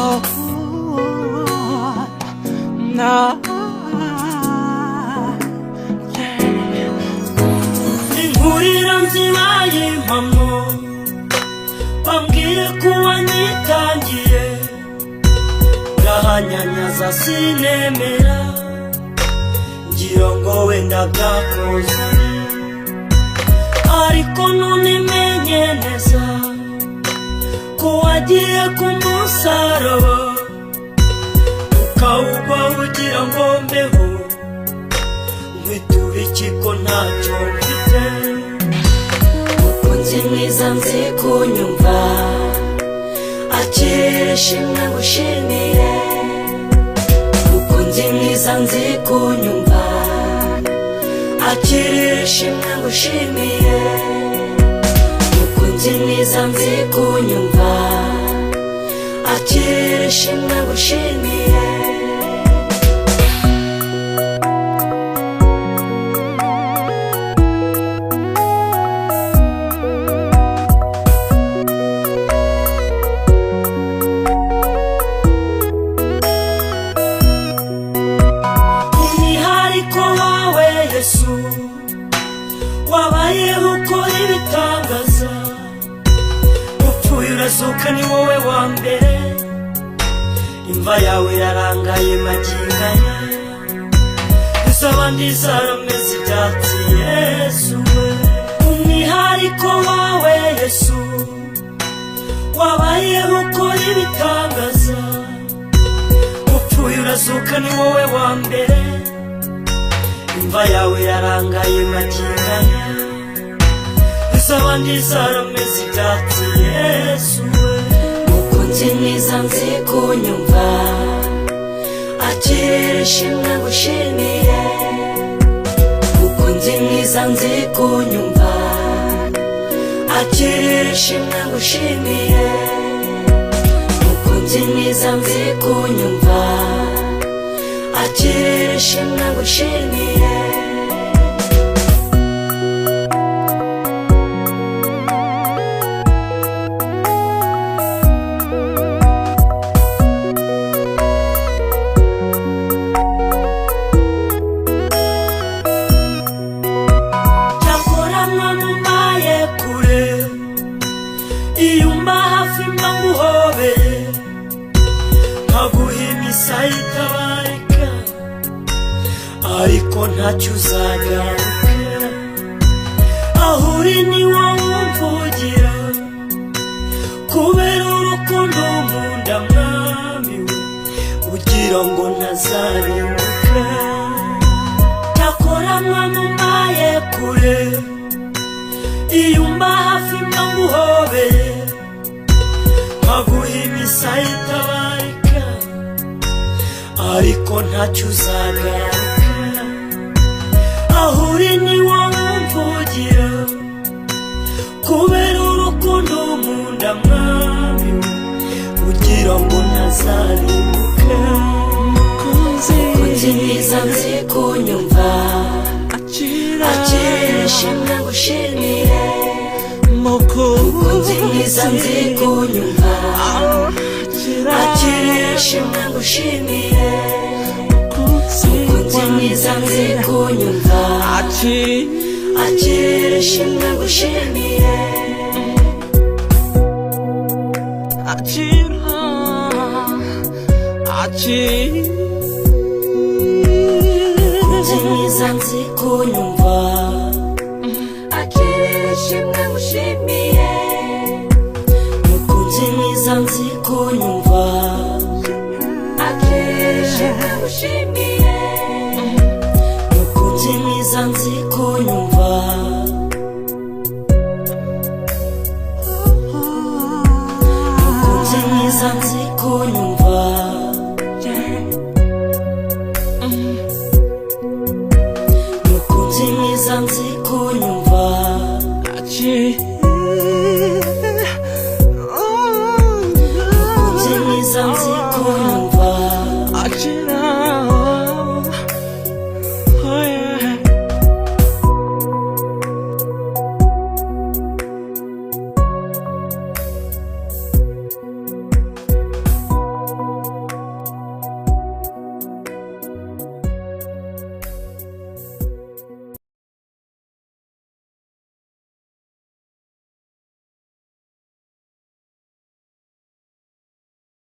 Oh, no. ihuriro ryibaye impamo bambwire kuba nitangiye ngahanyanyaza ariko none menye neza ugiye ku musaraba ukawuba ugira ngo mbeho nkwitura ikiko ntacyo mfite mukunzi mwiza nzi kunyumva akira ishimwe ngushimire mukunzi mwiza nzi kunyumva akira ishimwe ngushimire mukunzi mwiza nzi kunyumva Acele şimdi bu Yesu wabayeho ukora ibitangaza uzuka ni wowe wa mbere imva yawe yarangaye maginganya gusa abandi zarameze ibyatsi yesu umwihariko wawe yesu wabayeho ukora ibitangaza upfuye urazuka ni wowe wa mbere imva yawe yarangaye maginganya gusa abandi zarameze ibyatsi Yesu mukutimiza nzikunyumva akirira ishimwe ngushimiye mukundimiza nzikunyumva akirira ishimwe ngushimiye mukundimiza nzikunyumva akirira ishimwe ngushimiye uzayitabarika ariko ntacyo uzagaruka aho uri ni wowe umvugira kubera urukundo nkunda mwami we ugira ngo ntazaremuka ntakoranwa mumaye kure iyo umba hafi mba nguhobeye nkaguha imisaya itabara ariko ntacyo uzagaruka aho uri niwo wumvugira kubera urukundo mu nda mwami kugira ngo ntazaribuka kugeza nzi kunyumva akira ishimwe ngushimire kugeza nzi kunyumva akira ishimwe ngushimire kunyumva akira ishimwe ngushimiye akira akira nziza nzi kunyumva akira ishimwe ngushimiye mukunzi mwiza kunyumva akira ishimwe ngushimiye sanzi kunyumva mukunzi mwiza nzi kunyumva mukunzi mwiza nzi kunyumva